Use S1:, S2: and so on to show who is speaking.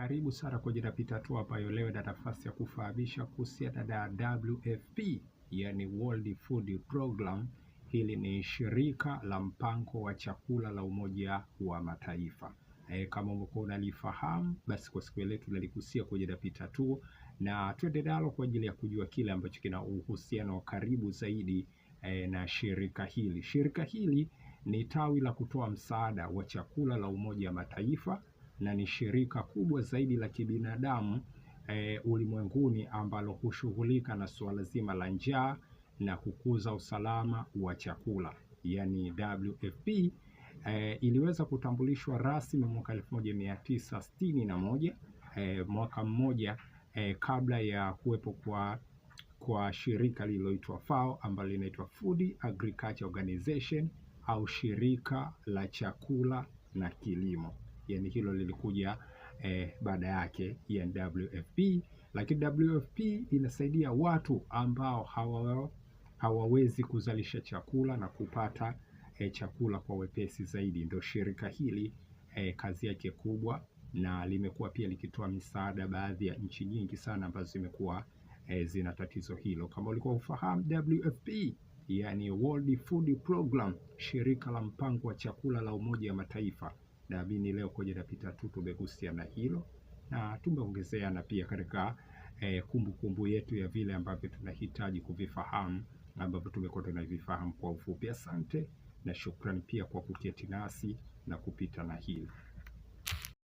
S1: Karibu sana kwenye Napita Tu ambayo leo ina nafasi ya kufahamisha kuhusiana na WFP, yani World Food Program. Hili ni shirika la mpango wa chakula la Umoja wa Mataifa. E, kama umekuwa unalifahamu basi kwa siku ya leo tunaligusia kwenye Napita Tu na twende nalo kwa ajili ya kujua kile ambacho kina uhusiano wa karibu zaidi e, na shirika hili. Shirika hili ni tawi la kutoa msaada wa chakula la Umoja wa Mataifa na ni shirika kubwa zaidi la kibinadamu e, ulimwenguni ambalo hushughulika na suala zima la njaa na kukuza usalama wa chakula yani WFP e, eh, iliweza kutambulishwa rasmi mwaka 1961 e, eh, mwaka mmoja e, kabla ya kuwepo kwa kwa shirika lililoitwa FAO ambalo linaitwa Food Agriculture Organization au shirika la chakula na kilimo yani hilo lilikuja eh, baada yake yani WFP, lakini WFP inasaidia watu ambao hawa, hawawezi kuzalisha chakula na kupata eh, chakula kwa wepesi zaidi. Ndio shirika hili eh, kazi yake kubwa, na limekuwa pia likitoa misaada baadhi ya nchi nyingi sana ambazo zimekuwa eh, zina tatizo hilo. Kama ulikuwa ufahamu WFP yani World Food Program, shirika la mpango wa chakula la Umoja wa Mataifa naamini leo koja napita tu tumegusia na hilo na tumeongezeana pia katika eh, kumbukumbu yetu ya vile ambavyo tunahitaji kuvifahamu ambavyo tumekuwa tunavifahamu kwa ufupi. Asante na shukrani pia kwa kuketi nasi na kupita na hilo.